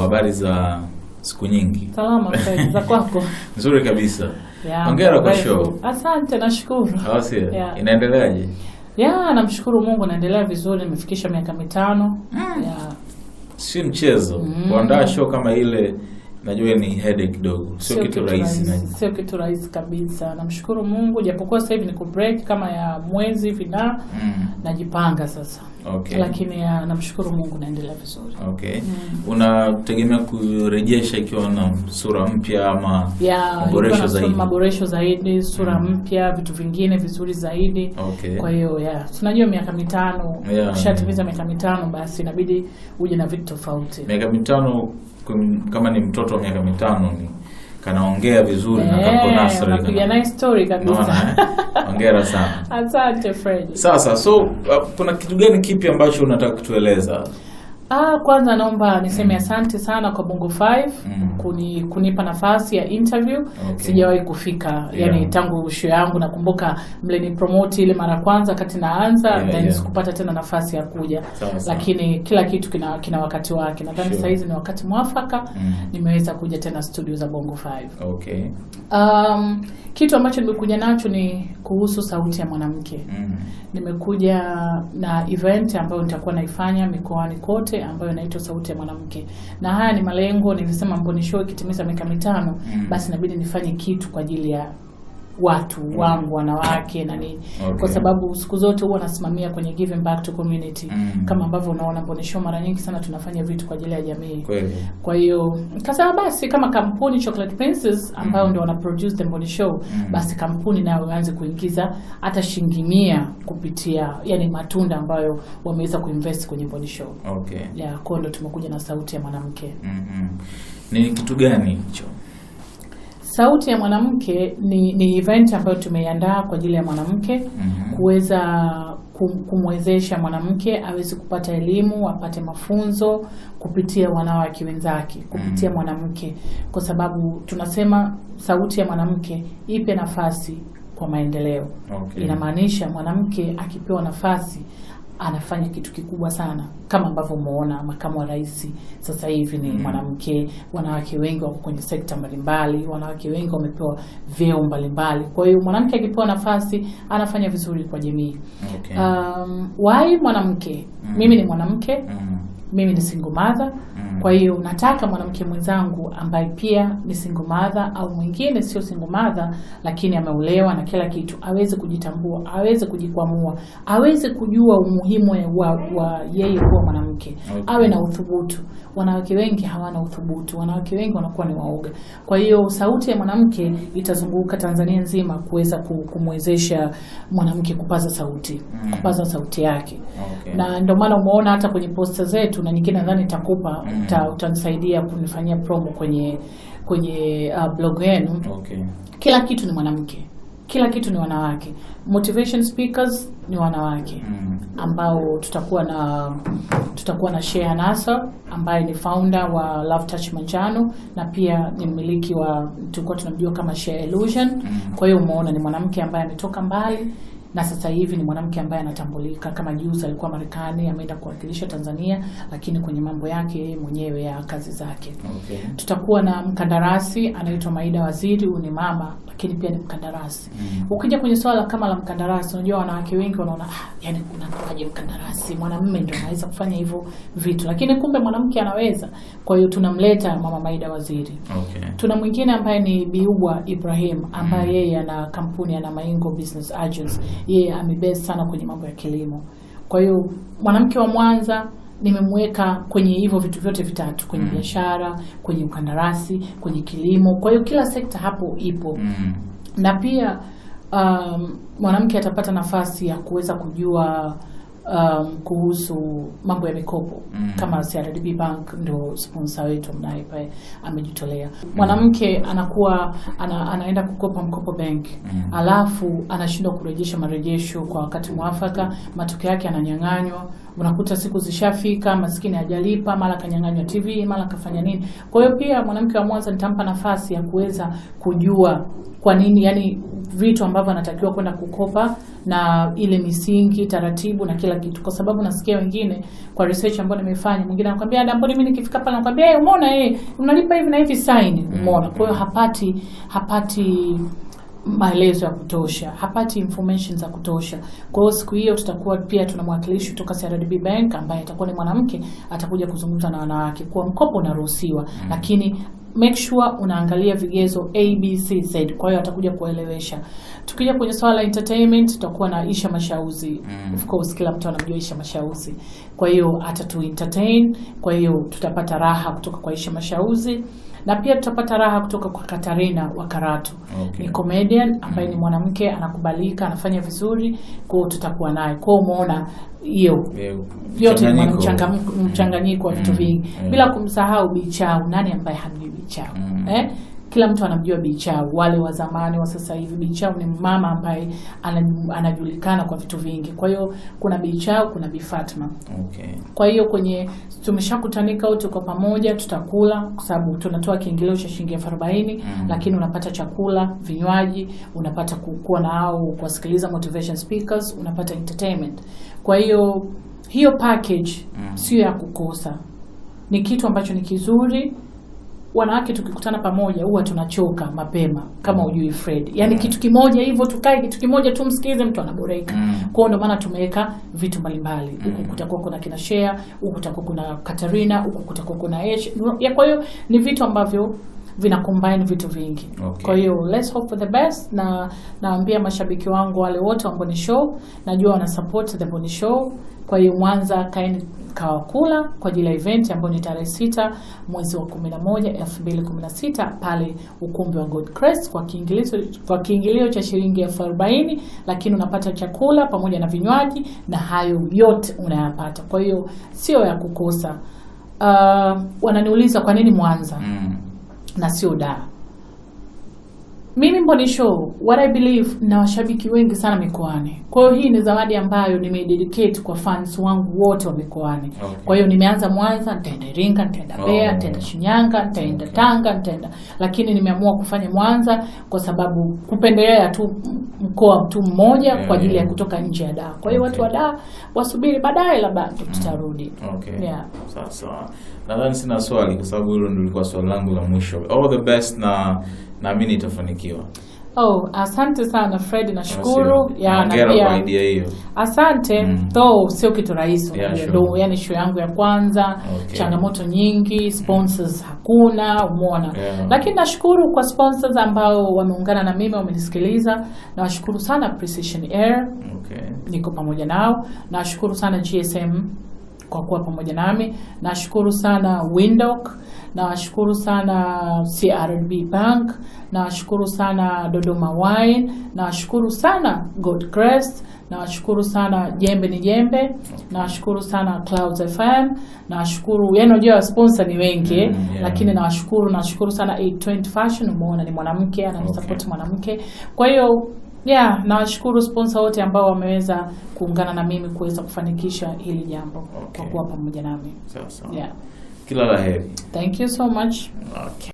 habari za siku nyingi? Salama za kwako? Nzuri kabisa. Hongera yeah, kwa show. Asante, nashukuru. Yeah. Inaendeleaje? Yeah, namshukuru Mungu naendelea vizuri, nimefikisha miaka mitano. Mm. Yeah. Si mchezo. Mm. Kuandaa show kama ile najua ni headache kidogo, sio kitu rahisi, sio kitu rahisi kabisa. Namshukuru Mungu, japokuwa sasa hivi niko break kama ya mwezi hivi na mm. najipanga sasa okay. Lakini ah, namshukuru Mungu naendelea vizuri okay. mm. Unategemea kurejesha ikiwa na sura mpya ama maboresho zaidi? Maboresho zaidi, sura mm. mpya, vitu vingine vizuri zaidi okay. Kwa hiyo yeah, tunajua miaka mitano yeah. Ukishatimiza miaka mitano, basi inabidi uje na vitu tofauti. Miaka mitano kama ni mtoto wa miaka mitano ni kanaongea vizuri yeah, na kako eh, nasri nice story kabisa eh? hongera sana asante sasa so uh, kuna kitu gani kipi ambacho unataka kutueleza Ah, kwanza naomba niseme asante sana kwa Bongo 5 mm. kuni, kunipa nafasi ya interview okay. Sijawahi kufika yani yeah. Tangu show yangu nakumbuka mleni promote ile mara kwanza kati naanza yeah, then yeah. Sikupata tena nafasi ya kuja Sama. Lakini kila kitu kina, kina wakati wake nadhani sure. Sahizi ni wakati mwafaka mm. Nimeweza kuja tena studio za Bongo 5 okay. Um, kitu ambacho nimekuja nacho ni kuhusu sauti ya mwanamke mm. Nimekuja na event ambayo nitakuwa naifanya mikoani kote ambayo inaitwa sauti ya mwanamke, na haya ni malengo. Nilisema mbonishoo ikitimiza miaka mitano, mm. basi inabidi nifanye kitu kwa ajili ya watu mm. wangu wanawake na nini okay. Kwa sababu siku zote huwa nasimamia kwenye giving back to community mm. Kama ambavyo unaona Mbone Show mara nyingi sana tunafanya vitu kwa ajili ya jamii Kwele. Kwa hiyo kasema basi kama kampuni Chocolate Princess ambayo mm. ndio wana produce the Mbone Show mm. Basi kampuni nayo ianze kuingiza hata shilingi kupitia yani matunda ambayo wameweza kuinvest kwenye Mbone Show okay. Ya kwa ndo tumekuja na sauti ya mwanamke mm -hmm. Ni kitu gani hicho? Sauti ya Mwanamke ni, ni event ambayo tumeiandaa kwa ajili ya mwanamke mm -hmm. kuweza kumwezesha mwanamke aweze kupata elimu, apate mafunzo kupitia wanawake wenzake, kupitia mm -hmm. mwanamke, kwa sababu tunasema sauti ya mwanamke ipe nafasi kwa maendeleo okay. Inamaanisha mwanamke akipewa nafasi anafanya kitu kikubwa sana, kama ambavyo umeona makamu wa rais sasa hivi ni mm-hmm. mwanamke. Wanawake wengi wako kwenye sekta mbalimbali, wanawake wengi wamepewa vyeo mbalimbali. Kwa hiyo mwanamke akipewa nafasi anafanya vizuri kwa jamii. Okay. Um, wai mwanamke, mm-hmm. mimi ni mwanamke, mm-hmm. mimi ni single mother. Kwa hiyo unataka mwanamke mwenzangu ambaye pia ni single mother au mwingine sio single mother, lakini ameolewa na kila kitu, aweze kujitambua, aweze kujikwamua, aweze kujua umuhimu wa, wa yeye kuwa mwanamke okay. Awe na uthubutu. Wanawake wengi hawana uthubutu, wanawake wengi wanakuwa ni waoga. Kwa hiyo sauti ya mwanamke itazunguka Tanzania nzima kuweza kumwezesha mwanamke kupaza sauti, mm. kupaza sauti yake okay. Na ndio maana umeona hata kwenye posta zetu na nyingine nadhani takupa mm uta, utanisaidia kunifanyia promo kwenye kwenye uh, blog yenu. Okay. Kila kitu ni mwanamke, kila kitu ni wanawake, motivation speakers ni wanawake mm ambao tutakuwa na tutakuwa na Shea Nasa ambaye ni founder wa Love Touch Manjano na pia ni mmiliki wa tulikuwa tunamjua kama Shea Illusion. Mm. Kwa hiyo umeona ni mwanamke ambaye ametoka mbali na sasa hivi ni mwanamke ambaye anatambulika kama. Juzi alikuwa Marekani, ameenda kuwakilisha Tanzania, lakini kwenye mambo yake mwenyewe ya kazi zake. Okay. Tutakuwa na mkandarasi anaitwa Maida Waziri, huyu ni mama lakini pia ni mkandarasi. Mm. Ukija kwenye swala kama la mkandarasi, unajua wanawake wengi wanaona ah, yani unakuaje mkandarasi? Mwanamume ndio anaweza kufanya hivyo vitu. Lakini kumbe mwanamke anaweza. Kwa hiyo tunamleta mama Maida Waziri. Okay. Tuna mwingine ambaye ni Biugwa Ibrahim ambaye mm. yeye mm. ana kampuni ana Maingo Business Agency yeye amebase sana kwenye mambo ya kilimo. Kwa hiyo mwanamke wa Mwanza nimemweka kwenye hivyo vitu vyote vitatu kwenye mm. biashara, kwenye ukandarasi, kwenye kilimo. Kwa hiyo kila sekta hapo ipo mm. na pia um, mwanamke atapata nafasi ya kuweza kujua um, kuhusu mambo ya mikopo mm -hmm. Kama CRDB Bank ndio sponsor wetu mnaye pale amejitolea mm-hmm. mwanamke mm -hmm. Anakuwa ana, anaenda kukopa mkopo bank mm -hmm. Alafu anashindwa kurejesha marejesho kwa wakati mwafaka, matokeo yake ananyang'anywa. Unakuta siku zishafika, maskini hajalipa, mara kanyang'anywa TV, mara kafanya nini. Kwa hiyo pia mwanamke wa Mwanza nitampa nafasi ya kuweza kujua kwa nini yani vitu ambavyo anatakiwa kwenda kukopa na ile misingi, taratibu na kila kitu, kwa sababu nasikia wengine kwa research ambayo nimefanya, mwingine anakuambia ada, mbona mimi nikifika pale nakwambia yeye, eh, umeona yeye eh, unalipa hivi na hivi sign, mm. umeona. Kwa hiyo hapati hapati maelezo ya kutosha, hapati information za kutosha. Kwa hiyo siku hiyo tutakuwa pia tuna mwakilishi kutoka CRDB Bank ambaye atakuwa ni mwanamke, atakuja kuzungumza na wanawake kuwa mkopo unaruhusiwa, mm -hmm. lakini make sure unaangalia vigezo ABCZ. Kwa hiyo atakuja kuelewesha. Tukija kwenye swala la entertainment, tutakuwa na Isha Mashauzi mm. Of course kila mtu anamjua Isha Mashauzi, kwa hiyo atatu entertain, kwa hiyo tutapata raha kutoka kwa Isha Mashauzi na pia tutapata raha kutoka kwa Katarina wa Karatu. Okay. Ni comedian ambaye ni mm-hmm. mwanamke anakubalika, anafanya vizuri, kwa hiyo tutakuwa naye. Kwa hiyo umeona hiyo yote ni mchanganyiko wa vitu mm-hmm. vingi, mm-hmm. bila kumsahau Bichau. Nani ambaye hamjui Bichau? mm. eh kila mtu anamjua bichao wale wa zamani, wa sasa hivi. bichao ni mama ambaye anajulikana kwa vitu vingi, kwa hiyo kuna bichao kuna bifatma Okay. Kwa hiyo kwenye tumeshakutanika wote kwa pamoja, tutakula kwa sababu tunatoa kiingilio cha shilingi elfu arobaini mm -hmm. Lakini unapata chakula, vinywaji, unapata kuwa na au kuwasikiliza motivation speakers, unapata entertainment. Kwa hiyo hiyo package mm -hmm. sio ya kukosa, ni kitu ambacho ni kizuri wanawake tukikutana pamoja huwa tunachoka mapema, kama ujui Fred, yaani mm. kitu kimoja hivyo, tukae kitu kimoja tumsikize mtu anaboreka mm. kwao. Ndio maana tumeweka vitu mbalimbali huku mm. kutakuwa kuna kina Shea, huku kutakuwa kuna Katarina, huku kutakuwa kuna H. Kwa hiyo ni vitu ambavyo vina combine vitu vingi okay. Kwa hiyo let's hope for the best, na naambia mashabiki wangu wale wote wa boni Show, najua wana support the boni Show. Kwa hiyo Mwanza, kaeni kawakula kula kwa ajili ya event ambayo ni tarehe sita mwezi wa 11 2016 pale ukumbi wa Godcrest kwa kiingilio kwa kiingilio cha shilingi elfu arobaini, lakini unapata chakula pamoja na vinywaji na hayo yote unayapata. Kwa hiyo sio ya kukosa. Uh, wananiuliza kwa nini Mwanza mm. na sio Dar. Mimi Mboni Show what I believe na washabiki wengi sana mikoani. Kwa hiyo hii ni zawadi ambayo nimeidedicate kwa fans wangu wote wa mikoani. Okay. Kwa hiyo nimeanza Mwanza, nitaenda Iringa, nitaenda oh, Mbeya, oh, nitaenda Shinyanga, nitaenda okay, Tanga, nitaenda. Lakini nimeamua kufanya Mwanza kwa sababu kupendelea tu mkoa mtu mmoja yeah, kwa ajili ya kutoka nje ya Dar. Kwa hiyo okay, watu wa Dar wasubiri baadaye labda mm. tutarudi. Okay. Yeah. Sasa nadhani sina swali kwa sababu hilo ndio lilikuwa swali langu la mwisho. All the best na naamini itafanikiwa kufanikiwa Oh, asante sana Fred, nashukuru. Ya na pia hiyo. Asante mm. sio kitu rahisi yeah, yaani, sure. Ndo yani show yangu ya kwanza okay. Changamoto nyingi, sponsors hakuna, umeona yeah. Lakini nashukuru kwa sponsors ambao wameungana na mimi, wamenisikiliza. Nawashukuru sana Precision Air okay. Niko pamoja nao. Nawashukuru sana GSM kwa kuwa pamoja nami. Nashukuru sana Windhoek Nawashukuru sana CRB Bank, nawashukuru sana Dodoma Wine, nawashukuru sana Godcrest, nawashukuru sana Jembe ni Jembe, nawashukuru sana Clouds FM, nawashukuru yani, unajua sponsor ni wengi mm, yeah. Lakini nawashukuru, nawashukuru sana 820 Fashion, umeona ni mwanamke anamsupport okay. mwanamke kwa hiyo Yeah, nawashukuru sponsor wote ambao wameweza kuungana na mimi kuweza kufanikisha hili jambo okay. kwa kuwa pamoja nami. Sawa sawa. Yeah. Thank you so much. Okay.